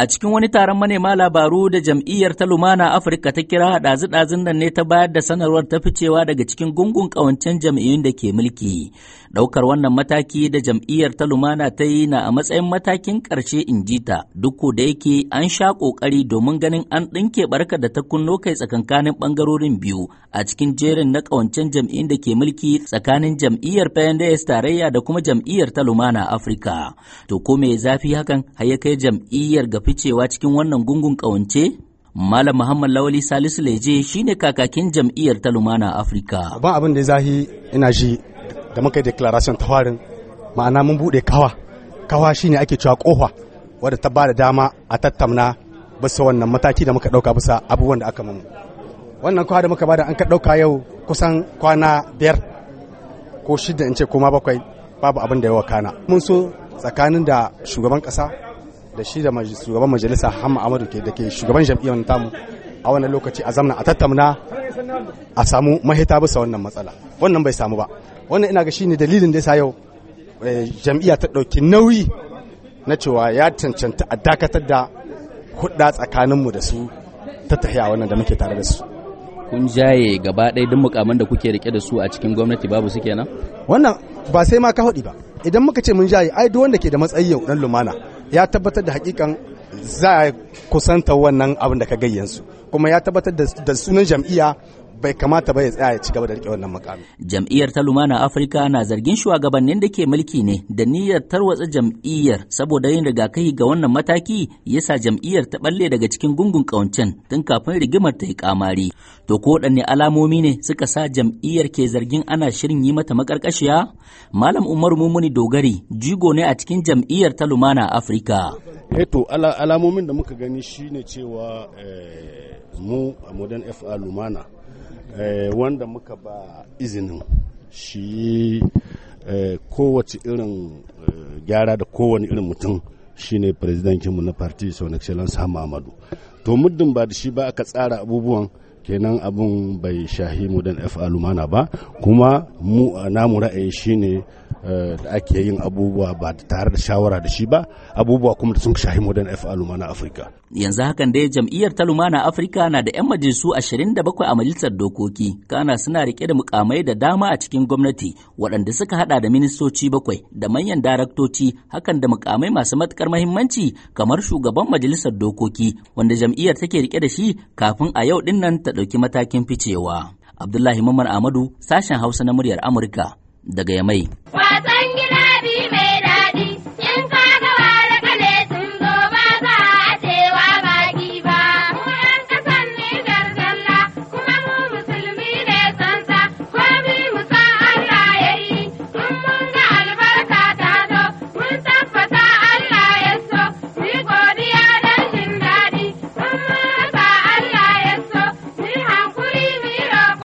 A cikin wani taron manema labaru da jam'iyyar ta Lumana Afirka ta kira ɗazu-ɗazun nan ne ta bayar da sanarwar ta ficewa daga cikin gungun ƙawancen jam'iyyun da ke mulki. Ɗaukar wannan mataki da jam'iyyar ta Lumana ta yi na a matsayin matakin ƙarshe in ji ta, duk da yake an sha ƙoƙari domin ganin an ɗinke barka da ta kunno kai tsakankanin ɓangarorin biyu a cikin jerin na ƙawancen jam'iyyun da ke mulki tsakanin jam'iyyar PNDS tarayya da kuma jam'iyyar ta Lumana Afirka. To ko me zafi hakan har ya kai jam'iyyar ga cewa cikin wannan gungun ƙawance? Malam Muhammad Lawali Salisu Leje shi ne kakakin jam'iyyar ta Lumana Afirka. Ba abin da zahi ina ji da muka yi declaration ta warin ma'ana mun bude kawa. Kawa shine ake cewa kofa wadda ta bada dama a tattamna bisa wannan mataki da muka dauka bisa abubuwan da aka mamu. Wannan kawa da muka bada an ka dauka yau kusan kwana biyar ko shida in ce koma bakwai babu abin da ya wakana. Mun so tsakanin da shugaban kasa da shi da shugaban majalisa Hamma Amadu ke da ke shugaban jam'iyyar tamu a wannan lokaci a zamna a tattauna a samu mahita bisa wannan matsala wannan bai samu ba wannan ina ga ne dalilin da sa yau eh, jam'iyya ta ɗauki nauyi na cewa ya cancanta a dakatar da hudda tsakaninmu da su ta tahiya wannan da muke tare da su kun jaye gaba ɗaya duk mukaman da kuke rike da su a cikin gwamnati babu su kenan wannan ba sai ma ka hudi ba idan muka ce mun jaye ai duk wanda ke da matsayi yau dan lumana ya tabbatar da hakikan za a kusanta wannan abin da ka gayyansu kuma ya tabbatar da sunan jam'iyya bai kamata ba ya tsaya ya ci gaba da rike wannan makami. Jam'iyyar ta Lumana Afirka na zargin shugabannin da ke mulki ne da niyyar tarwatsa jam'iyyar saboda yin rigakafi ga wannan mataki yasa jam'iyyar ta balle daga cikin gungun kauncen tun kafin rigimar ta yi kamari. To ko waɗanne alamomi ne suka sa jam'iyyar ke zargin ana shirin yi mata makarkashiya? Malam Umar Mumuni Dogari jigo ne a cikin jam'iyyar ta Lumana Afirka. eto eh alamomin da muka gani shine cewa eh, mu a modern fa lumana eh, wanda muka ba izinin shi kowace irin gyara da kowane irin mutum shine mu na party son excellence hamamadu to muddin ba da shi ba aka tsara abubuwan kenan abin bai shahi mu dan fa lumana ba kuma mu namu ra'ayi shine eh, da ake yin abubuwa ba tare da shawara da shi ba abubuwa kuma da sun shahi mu dan fa lumana afirka yanzu hakan dai jam'iyyar ta lumana afirka na da 'yan majalisu 27 a majalisar dokoki kana suna rike da mukamai da dama a cikin gwamnati waɗanda suka hada da ministoci bakwai da manyan daraktoci hakan da mukamai masu matukar mahimmanci kamar shugaban majalisar dokoki wanda jam'iyyar take rike da shi kafin a yau dinnan ta ɗauki matakin ficewa. Abdullahi Mamman Amadu, sashen Hausa na muryar Amurka daga Yamai.